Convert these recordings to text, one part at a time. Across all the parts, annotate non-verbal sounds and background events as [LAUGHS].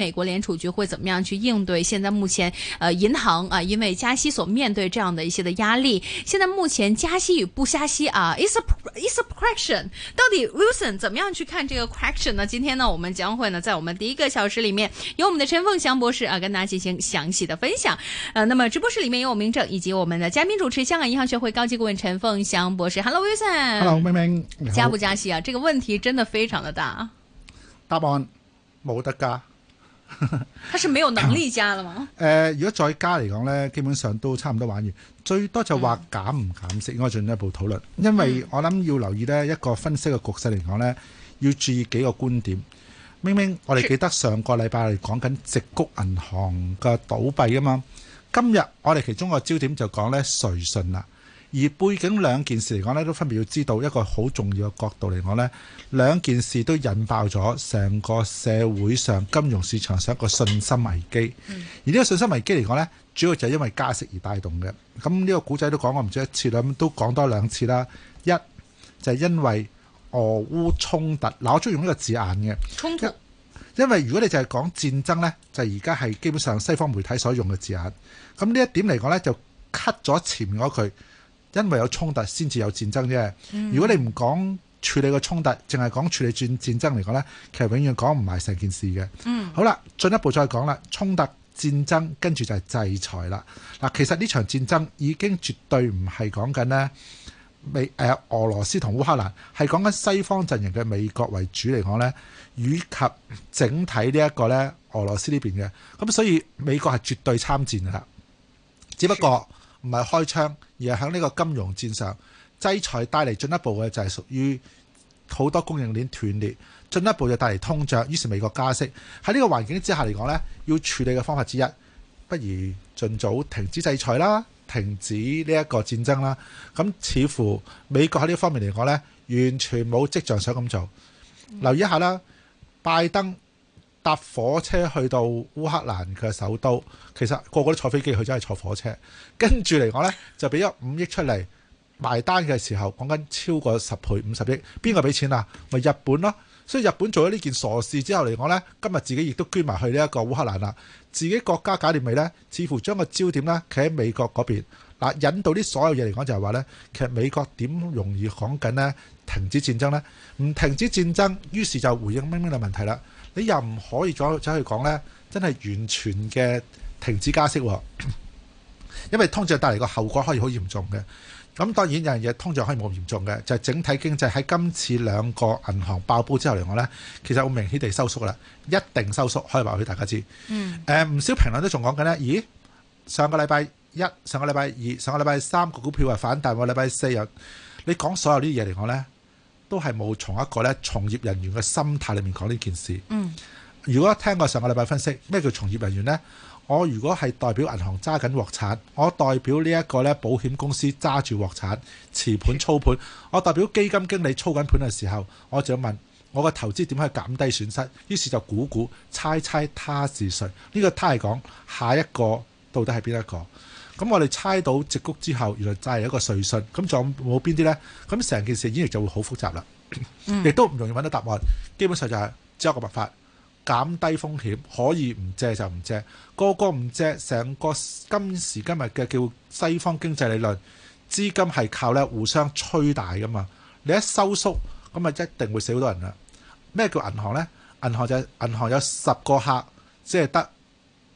美國聯儲局會怎麼樣去應對現在目前，呃銀行啊、呃，因為加息所面對這樣的一些的壓力？現在目前加息與不加息啊，is is a question。到底 Wilson 怎麼樣去看這個 question 呢？今天呢，我們將會呢在我們第一個小時裏面由我們的陳鳳翔博士啊，跟大家進行詳細的分享。呃，那麼直播室裏面有我明正以及我們的嘉賓主持，香港銀行學會高級顧問陳鳳翔博士。Hello Wilson，Hello 明明，加不加息啊？這個問題真的非常的大。答案，冇得加。 [LAUGHS] 他是沒有能力加了嗎？誒、呃，如、呃、果再加嚟講呢，基本上都差唔多玩完，最多就話減唔減息，應該進一步討論。嗯、因為我諗要留意呢一個分析嘅局勢嚟講呢，要注意幾個觀點。明明，我哋記得上個禮拜嚟講緊直谷銀行嘅倒閉啊嘛，今日我哋其中個焦點就講呢，瑞信啦。而背景兩件事嚟講咧，都分別要知道一個好重要嘅角度嚟講呢，兩件事都引爆咗成個社會上金融市場上一個信心危機。嗯、而呢個信心危機嚟講呢，主要就係因為加息而帶動嘅。咁、嗯、呢、呢個古仔都講過唔止一次啦，咁都講多兩次啦。一就係、是、因為俄烏衝突嗱、啊，我中意用呢個字眼嘅衝突，因為如果你就係講戰爭呢，就而家係基本上西方媒體所用嘅字眼。咁、嗯、呢一點嚟講呢就 cut 咗前面嗰句。因為有衝突先至有戰爭啫。如果你唔講處理個衝突，淨係講處理戰戰爭嚟講呢，其實永遠講唔埋成件事嘅。嗯、好啦，進一步再講啦，衝突戰爭跟住就係制裁啦。嗱，其實呢場戰爭已經絕對唔係講緊呢，美誒俄羅斯同烏克蘭，係講緊西方陣營嘅美國為主嚟講呢，以及整體呢一個呢俄羅斯呢邊嘅。咁所以美國係絕對參戰㗎啦，只不過。 [LAUGHS] 唔係開槍，而係喺呢個金融戰上制裁帶嚟，進一步嘅就係屬於好多供應鏈斷裂，進一步就帶嚟通脹。於是美國加息喺呢個環境之下嚟講呢，要處理嘅方法之一，不如盡早停止制裁啦，停止呢一個戰爭啦。咁似乎美國喺呢方面嚟講呢，完全冇跡象想咁做。留意一下啦，拜登搭火車去到烏克蘭嘅首都，其實個個都坐飛機，去真係坐火車跟住嚟講呢，就俾咗五億出嚟埋單嘅時候，講緊超過十倍五十億，邊個俾錢啊？咪、就是、日本咯，所以日本做咗呢件傻事之後嚟講呢，今日自己亦都捐埋去呢一個烏克蘭啦，自己國家搞掂未呢？似乎將個焦點呢，企喺美國嗰邊嗱，引導啲所有嘢嚟講就係話呢，其實美國點容易講緊呢？停止戰爭呢？唔停止戰爭，於是就回應咩咩嘅問題啦。你又唔可以再去講呢，真係完全嘅停止加息喎、啊， [COUGHS] 因為通脹帶嚟個後果可以好嚴重嘅。咁當然有樣嘢通脹可以冇咁嚴重嘅，就係、是、整體經濟喺今次兩個銀行爆煲之後嚟講呢，其實會明顯地收縮啦，一定收縮，可以話俾大家知。嗯。誒、呃，唔少評論都仲講緊呢：咦？上個禮拜一、上個禮拜二、上個禮拜三個股票係反彈，我禮拜四日。你講所有呢啲嘢嚟講呢。都係冇從一個咧從業人員嘅心態裏面講呢件事。嗯，如果聽過上個禮拜分析咩叫從業人員呢？我如果係代表銀行揸緊鑊鏟，我代表呢一個咧保險公司揸住鑊鏟，持盤操盤，我代表基金經理操緊盤嘅時候，我就想問我個投資點可以減低損失？於是就估估猜，猜猜他是誰？呢、這個他係講下一個到底係邊一個？咁我哋猜到矽谷之後，原來就係一個瑞信。咁仲有冇邊啲呢？咁成件事演繹就會好複雜啦，亦都唔容易揾到答案。基本上就係只有一個辦法：減低風險，可以唔借就唔借。個個唔借，成個今時今日嘅叫西方經濟理論，資金係靠呢互相吹大噶嘛。你一收縮，咁啊一定會死好多人啦。咩叫銀行呢？銀行就係銀行有十個客，即係得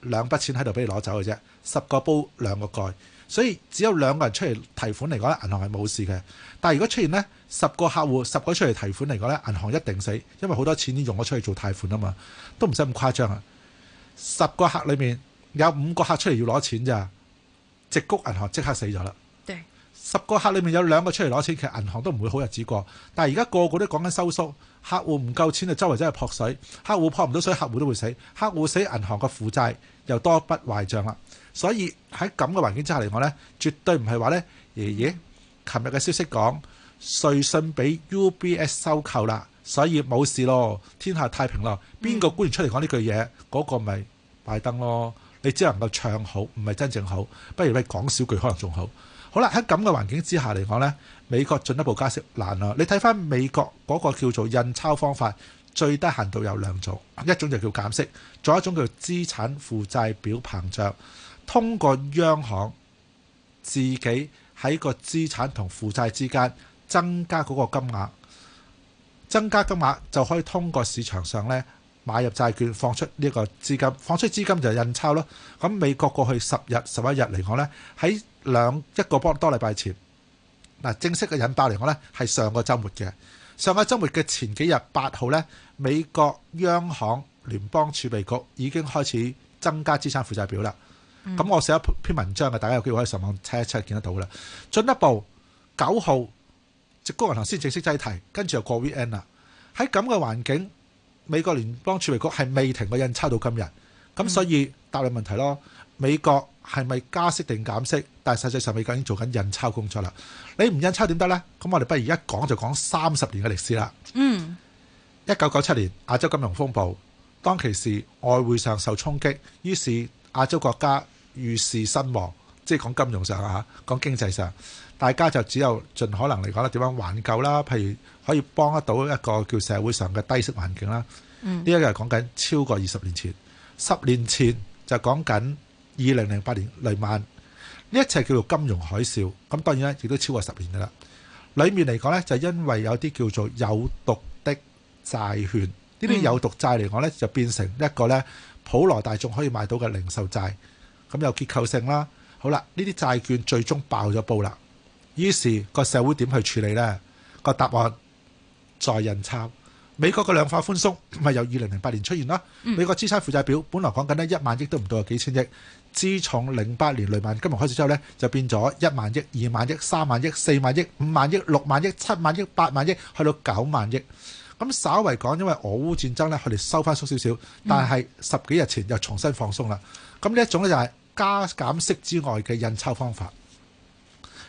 兩筆錢喺度俾你攞走嘅啫。十個煲兩個蓋，所以只有兩個人出嚟提款嚟講，銀行係冇事嘅。但係如果出現呢，十個客戶十個出嚟提款嚟講咧，銀行一定死，因為好多錢已經用咗出去做貸款啊嘛，都唔使咁誇張啊。十個客裏面有五個客出嚟要攞錢咋，直谷銀行即刻死咗啦。對十個客裏面有兩個出嚟攞錢，其實銀行都唔會好日子過。但係而家個個都講緊收縮，客戶唔夠錢，就周圍真係撲水，客戶撲唔到水，客戶都會死，客戶死，銀行個負債又多筆壞帳啦。所以喺咁嘅環境之下嚟講呢，絕對唔係話咧，咦，咦？琴日嘅消息講瑞信俾 UBS 收購啦，所以冇事咯，天下太平咯。邊、嗯邊個官員出嚟講呢句嘢？嗰個咪拜登咯。你只能夠唱好，唔係真正好。不如你講少句可能仲好。好啦，喺咁嘅環境之下嚟講呢，美國進一步加息難啦。你睇翻美國嗰個叫做印鈔方法，最低限度有兩種，一種就叫減息，仲有一種叫資產負債表膨脹。通過央行自己喺個資產同負債之間增加嗰個金額，增加金額就可以通過市場上咧買入債券，放出呢個資金，放出資金就係印鈔咯。咁美國過去十日十一日嚟講呢，喺兩一個波多禮拜前嗱，正式嘅引爆嚟講呢，係上個週末嘅上個週末嘅前幾日八號呢，美國央行聯邦儲備局已經開始增加資產負債表啦。咁、嗯、我寫一篇文章嘅，大家有機會可以上網查一查，見得到啦。進一步，九號，直高銀行先正式擠提，跟住就過 V N 啦。喺咁嘅環境，美國聯邦儲備局係未停過印鈔到今日。咁所以、嗯、答你問題咯，美國係咪加息定減息？但係實際上美國已經做緊印鈔工作啦。你唔印鈔點得呢？咁我哋不如一講就講三十年嘅歷史啦。嗯，一九九七年亞洲金融風暴，當其時外匯上受衝擊，於是亞洲國家。遇事身亡，即係講金融上啊，講經濟上，大家就只有盡可能嚟講啦。點樣挽救啦？譬如可以幫得到一個叫社會上嘅低息環境啦。呢一、嗯、個係講緊超過二十年前，十年前就講緊二零零八年雷曼呢一切叫做金融海嘯。咁當然咧，亦都超過十年噶啦。裏面嚟講呢，就因為有啲叫做有毒的債券，呢啲有毒債嚟講呢，就變成一個呢普羅大眾可以買到嘅零售債。咁有結構性啦，好啦，呢啲債券最終爆咗煲啦，於是個社會點去處理呢？個答案在印鈔。美國嘅量化寬鬆咪由二零零八年出現啦，嗯、美國資產負債表本來講緊呢，一萬億都唔到，有幾千億，自從零八年雷曼金融開始之後呢，就變咗一萬億、二萬億、三萬億、四萬億、五萬億、六萬億、七萬億、八萬億，去到九萬億。咁稍為講，因為俄烏戰爭呢，佢哋收翻縮少少，但係十幾日前又重新放鬆啦。咁呢一種呢，就係、是加減息之外嘅印鈔方法，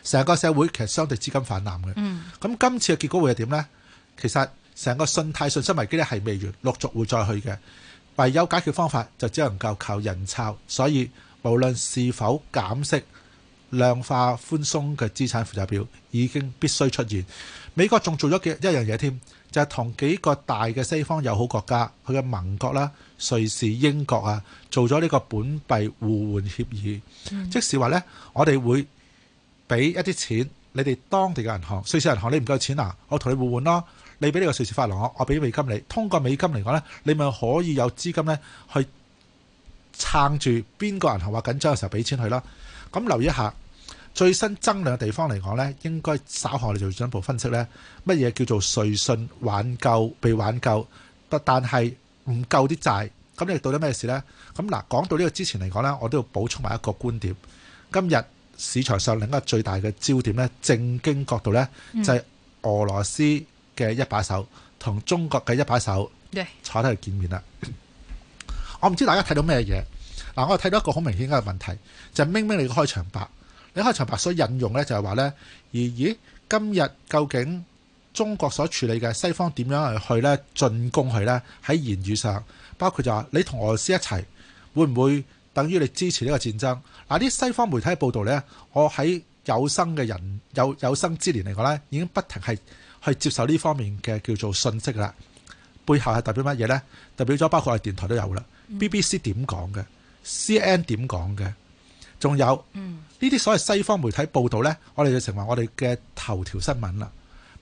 成個社會其實相對資金氾濫嘅。嗯。咁今次嘅結果會係點呢？其實成個信貸信心危機咧係未完，陸續會再去嘅。唯有解決方法就只能夠靠印鈔，所以無論是否減息、量化寬鬆嘅資產負債表已經必須出現。美國仲做咗多一樣嘢添。就同幾個大嘅西方友好國家，佢嘅盟國啦，瑞士、英國啊，做咗呢個本幣互換協議，嗯、即係話呢，我哋會俾一啲錢，你哋當地嘅銀行，瑞士銀行，你唔夠錢啊，我同你互換咯，你俾呢個瑞士法郎我，我俾美金你，通過美金嚟講呢，你咪可以有資金呢去撐住邊個銀行話緊張嘅時候俾錢佢啦。咁留意一下。最新增量嘅地方嚟講呢，應該稍後我哋做進一步分析呢。乜嘢叫做瑞信挽救被挽救，不但係唔夠啲債咁，你到咗咩事呢？咁嗱，講到呢個之前嚟講呢，我都要補充埋一個觀點。今日市場上另一個最大嘅焦點呢，正經角度呢就係俄羅斯嘅一把手同中國嘅一把手坐低去見面啦。我唔知大家睇到咩嘢嗱，我係睇到一個好明顯嘅問題，就係明明你嘅開場白。你開場白所引用咧就係話咧，而咦今日究竟中國所處理嘅西方點樣去咧進攻佢咧？喺言語上，包括就話你同俄羅斯一齊，會唔會等於你支持呢個戰爭？嗱，啲西方媒體嘅報道咧，我喺有生嘅人有有生之年嚟講咧，已經不停係去接受呢方面嘅叫做信息啦。背後係代表乜嘢咧？代表咗包括我哋電台都有啦。BBC 點講嘅，CN 點講嘅。仲有呢啲所謂西方媒體報導呢，我哋就成為我哋嘅頭條新聞啦。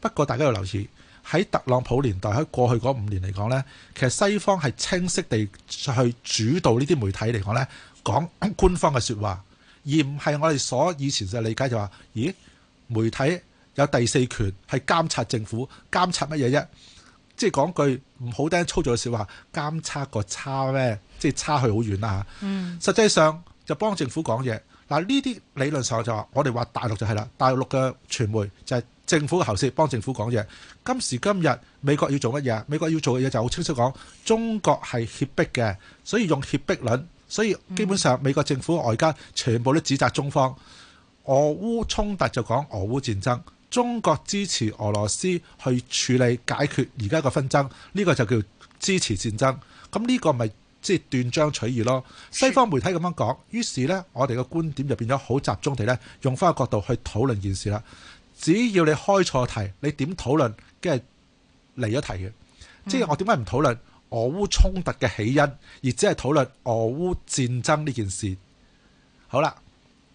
不過大家要留意，喺特朗普年代喺過去嗰五年嚟講呢，其實西方係清晰地去主導呢啲媒體嚟講呢，講官方嘅說話，而唔係我哋所以前就理解就話，咦？媒體有第四權係監察政府，監察乜嘢啫？即係講句唔好聽粗俗嘅說話，監察個差咩？即係差去好遠啦。嗯。實際上。就幫政府講嘢嗱，呢啲理論上就話我哋話大陸就係啦，大陸嘅傳媒就係、是、政府嘅喉舌，幫政府講嘢。今時今日美國要做乜嘢？美國要做嘅嘢就好清晰講，中國係脅迫嘅，所以用脅迫論。所以基本上美國政府外間全部都指責中方。俄烏衝突就講俄烏戰爭，中國支持俄羅斯去處理解決而家個紛爭，呢、這個就叫支持戰爭。咁呢個咪、就是？即係斷章取義咯，西方媒體咁樣講，是於是呢，我哋嘅觀點就變咗好集中地呢，用翻個角度去討論件事啦。只要你開錯題，你點討論，嗯、即係離咗題嘅。即係我點解唔討論俄烏衝突嘅起因，而只係討論俄烏戰爭呢件事？好啦，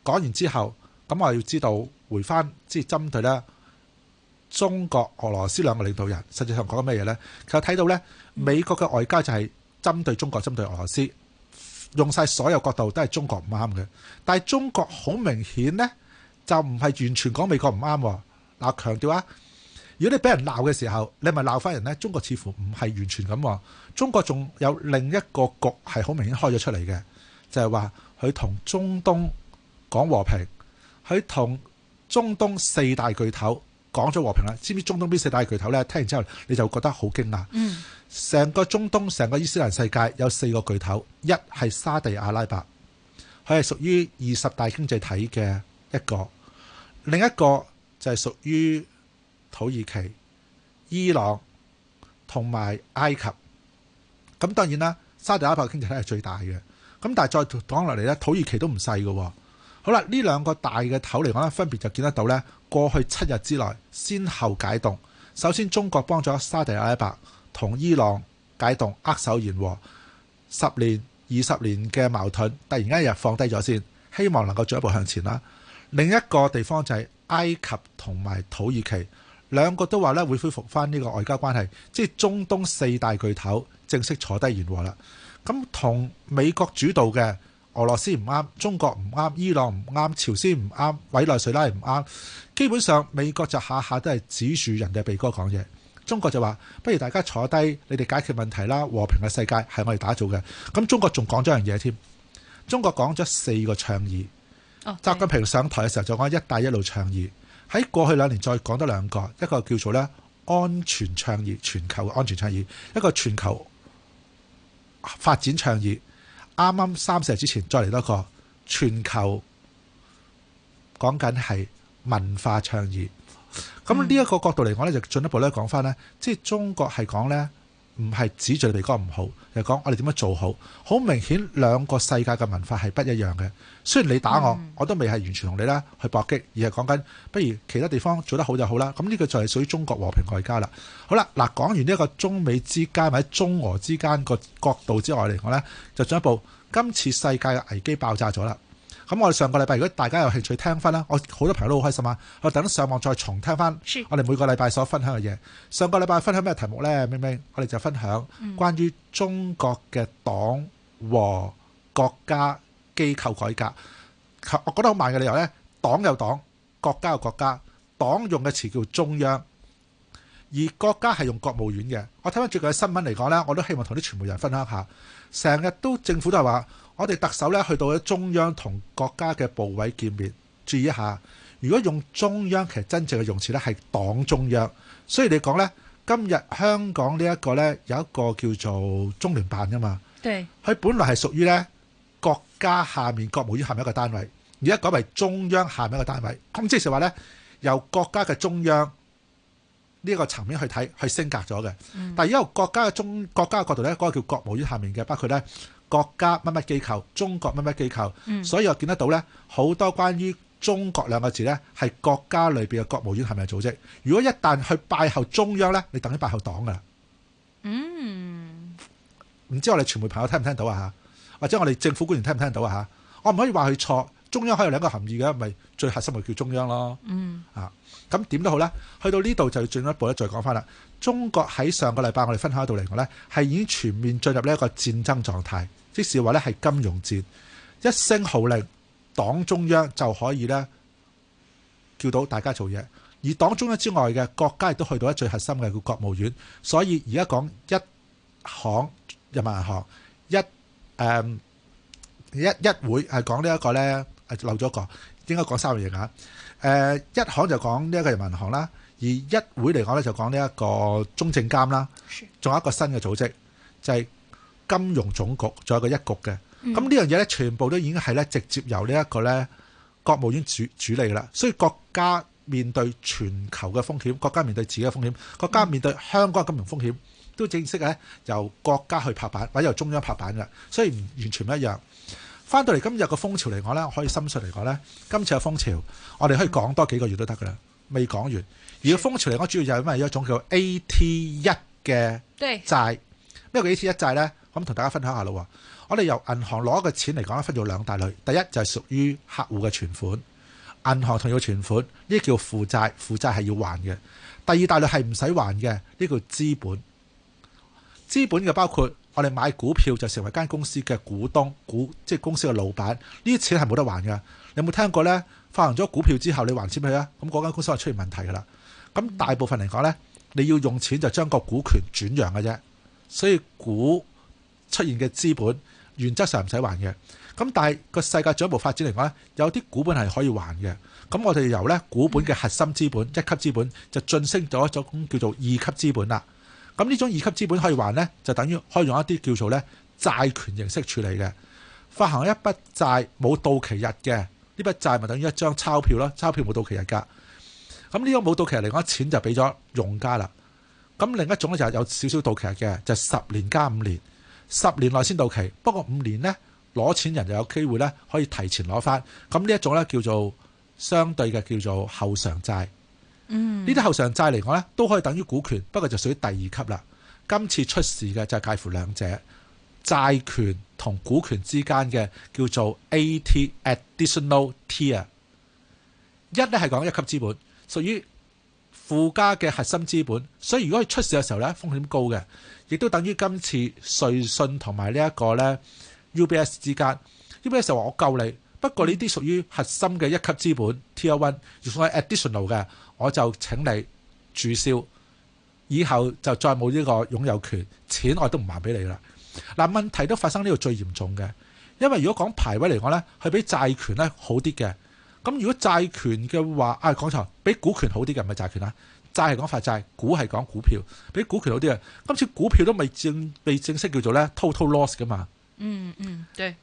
講完之後，咁我又要知道回翻，即係針對咧中國俄羅斯兩個領導人，實際上講緊咩嘢呢？就睇到呢，美國嘅外交就係、是。嗯針對中國、針對俄羅斯，用曬所有角度都係中國唔啱嘅。但係中國好明顯呢，就唔係完全講美國唔啱。嗱，強調啊！如果你俾人鬧嘅時候，你咪鬧返人呢。中國似乎唔係完全咁。中國仲有另一個局係好明顯開咗出嚟嘅，就係話佢同中東講和平，佢同中東四大巨頭。講咗和平啦，知唔知中東邊四大巨頭呢？聽完之後你就覺得好驚訝。嗯，成個中東、成個伊斯蘭世界有四個巨頭，一係沙地阿拉伯，佢係屬於二十大經濟體嘅一個；另一個就係屬於土耳其、伊朗同埋埃及。咁當然啦，沙地阿拉伯經濟體係最大嘅。咁但係再講落嚟呢，土耳其都唔細嘅。好啦，呢兩個大嘅頭嚟講，分別就見得到呢。過去七日之內，先後解凍。首先，中國幫咗沙特阿拉伯同伊朗解凍握手言和，十年、二十年嘅矛盾突然間一日放低咗先，希望能夠進一步向前啦。另一個地方就係埃及同埋土耳其兩個都話咧會恢復返呢個外交關係，即係中東四大巨頭正式坐低言和啦。咁同美國主導嘅。俄羅斯唔啱，中國唔啱，伊朗唔啱，朝鮮唔啱，委內瑞拉唔啱。基本上美國就下下都係指住人哋鼻哥講嘢。中國就話，不如大家坐低，你哋解決問題啦，和平嘅世界係我哋打造嘅。咁中國仲講咗樣嘢添，中國講咗四個倡議。Okay. 習近平上台嘅時候就講一帶一路倡議，喺過去兩年再講多兩個，一個叫做咧安全倡議，全球嘅安全倡議，一個全球發展倡議。啱啱三四日之前，再嚟多個全球講緊係文化倡議，咁呢一個角度嚟講咧，就進一步咧講返咧，即係中國係講咧。唔係指住你鼻哥唔好，就講、是、我哋點樣做好。好明顯兩個世界嘅文化係不一樣嘅。雖然你打我，嗯、我都未係完全同你啦去搏擊，而係講緊不如其他地方做得好就好啦。咁呢個就係屬於中國和平外交啦。好啦，嗱講完呢一個中美之間或者中俄之間個角度之外嚟講呢，就進一步今次世界嘅危機爆炸咗啦。咁我哋上個禮拜，如果大家有興趣聽翻啦，我好多朋友都好開心啊！我等上網再重聽翻，我哋每個禮拜所分享嘅嘢。上個禮拜分享咩題目呢？明明我哋就分享關於中國嘅黨和國家機構改革。我覺得好慢嘅理由呢，黨有黨，國家有國家，黨用嘅詞叫中央，而國家係用國務院嘅。我睇翻最近嘅新聞嚟講呢，我都希望同啲傳媒人分享下，成日都政府都係話。我哋特首咧去到咗中央同國家嘅部委見面，注意一下。如果用中央，其實真正嘅用詞咧係黨中央。所以你講呢，今日香港呢一個呢，有一個叫做中聯辦嘅嘛。對。佢本來係屬於呢國家下面國務院下面一個單位，而家改為中央下面一個單位。咁即係話呢，由國家嘅中央呢一個層面去睇，去升格咗嘅。嗯、但係因為國家嘅中國家嘅角度呢，嗰、嗰個叫國務院下面嘅，包括呢。國家乜乜機構，中國乜乜機構，嗯、所以我見得到呢好多關於中國兩個字呢，係國家裏邊嘅國務院係咪組織？如果一旦去拜後中央呢，你等於拜後黨噶啦。嗯。唔知我哋傳媒朋友聽唔聽到啊？嚇，或者我哋政府官員聽唔聽到啊？嚇，我唔可以話佢錯。中央可以有兩個含義嘅，咪最核心咪叫中央咯。嗯。啊、咁點都好咧，去到呢度就要進一步咧，再講翻啦。中國喺上個禮拜我哋分享到嚟講呢，係已經全面進入呢一個戰爭狀態。即是話咧係金融戰，一聲號令，黨中央就可以咧叫到大家做嘢。而黨中央之外嘅國家亦都去到咧最核心嘅叫國務院。所以而家講一行人民銀行一誒一一會係講呢一個咧漏咗一個，應該講三個嘢吓。誒一行就講呢一個人民銀行啦，而一會嚟講咧就講呢一個中證監啦，仲有一個新嘅組織就係。金融總局仲有一個一局嘅，咁呢、嗯、樣嘢呢，全部都已經係呢直接由呢一個呢國務院主主理啦。所以國家面對全球嘅風險，國家面對自己嘅風險，國家面對香港嘅金融風險，都正式呢由國家去拍板，或者由中央拍板嘅。所以唔完全唔一樣。翻到嚟今日個風潮嚟講咧，我可以深信嚟講呢，今次嘅風潮我哋可以講多幾個月都得噶啦，未講完。而個風潮嚟講，主要就係因為有一種叫 AT1 嘅債，咩叫對 AT1 債呢？咁同大家分享下咯，我哋由銀行攞嘅錢嚟講，分咗兩大類。第一就係屬於客戶嘅存款，銀行同要存款呢叫負債，負債係要還嘅。第二大類係唔使還嘅，呢叫資本。資本嘅包括我哋買股票就成為間公司嘅股東，股即係公司嘅老闆，呢啲錢係冇得還嘅。你有冇聽過咧？發行咗股票之後，你還錢俾啊？咁嗰間公司就出現問題噶啦。咁大部分嚟講咧，你要用錢就將個股權轉讓嘅啫，所以股。出現嘅資本原則上唔使還嘅，咁但係個世界進一步發展嚟講咧，有啲股本係可以還嘅。咁我哋由咧股本嘅核心資本一級資本就晉升咗一種叫做二級資本啦。咁呢種二級資本可以還呢，就等於可以用一啲叫做咧債權形式處理嘅發行一筆債冇到期日嘅呢筆債，咪等於一張鈔票咯。鈔票冇到期日㗎。咁呢個冇到期日嚟講，錢就俾咗用家啦。咁另一種咧就係有少少到期日嘅，就十年加五年。十年內先到期，不過五年呢，攞錢人就有機會呢，可以提前攞翻。咁呢一種呢，叫做相對嘅叫做後償債。嗯，呢啲後償債嚟講呢，都可以等於股權，不過就屬於第二級啦。今次出事嘅就係介乎兩者，債權同股權之間嘅叫做 AT Additional Tier。一呢係講一級資本，屬於，附加嘅核心資本，所以如果佢出事嘅時候呢，風險高嘅，亦都等於今次瑞信同埋呢一個呢 UBS 之間，UBS 就話我救你，不過呢啲屬於核心嘅一級資本 Tier One，如果係 additional 嘅，我就請你註銷，以後就再冇呢個擁有權，錢我都唔還俾你啦。嗱問題都發生呢個最嚴重嘅，因為如果講排位嚟講呢，佢比債權呢好啲嘅。咁如果債權嘅話，啊、哎、講錯，比股權好啲嘅唔係債權啦？債係講發債，股係講股票，比股權好啲啊？今次股票都未正，未正式叫做咧 total loss 噶嘛？嗯嗯，對，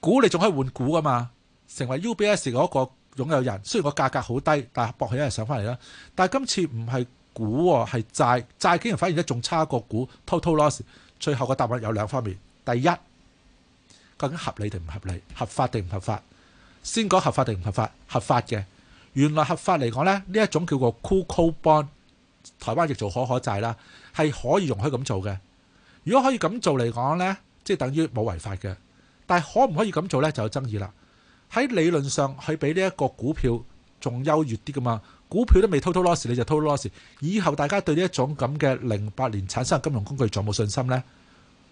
股你仲可以換股噶嘛？成為 UBS 嗰個擁有人，雖然個價格好低，但係博佢一日上翻嚟啦。但係今次唔係股喎，係債，債竟然反而咧仲差過股 total loss。最後個答案有兩方面，第一，究竟合理定唔合理，合法定唔合法？先講合法定唔合法，合法嘅原來合法嚟講呢，呢一種叫做 CoCo Bond 台灣亦做可可債啦，係可以容許咁做嘅。如果可以咁做嚟講呢，即係等於冇違法嘅。但係可唔可以咁做呢？就有爭議啦。喺理論上佢比呢一個股票仲優越啲噶嘛，股票都未 total loss 你就 total loss，以後大家對呢一種咁嘅零八年產生嘅金融工具仲有冇信心呢？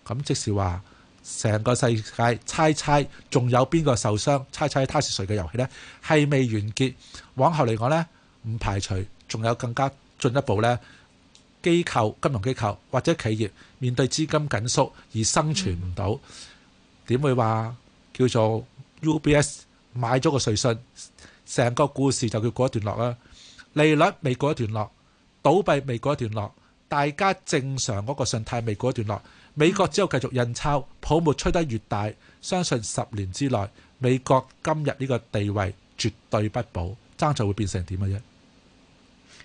咁即是話。成個世界猜猜仲有邊個受傷？猜猜他是誰嘅遊戲呢？係未完結。往後嚟講呢，唔排除仲有更加進一步呢，機構、金融機構或者企業面對資金緊縮而生存唔到，點、嗯、會話叫做 UBS 買咗個瑞信，成個故事就叫過一段落啦。利率未過一段落，倒閉未過一段落，大家正常嗰個信貸未過一段落。美國只有繼續印鈔，泡沫吹得越大，相信十年之內美國今日呢個地位絕對不保，爭在會變成點嘅啫。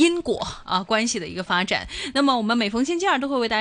因果啊，關係的一個發展，那麼我們每逢星期二都會為大家。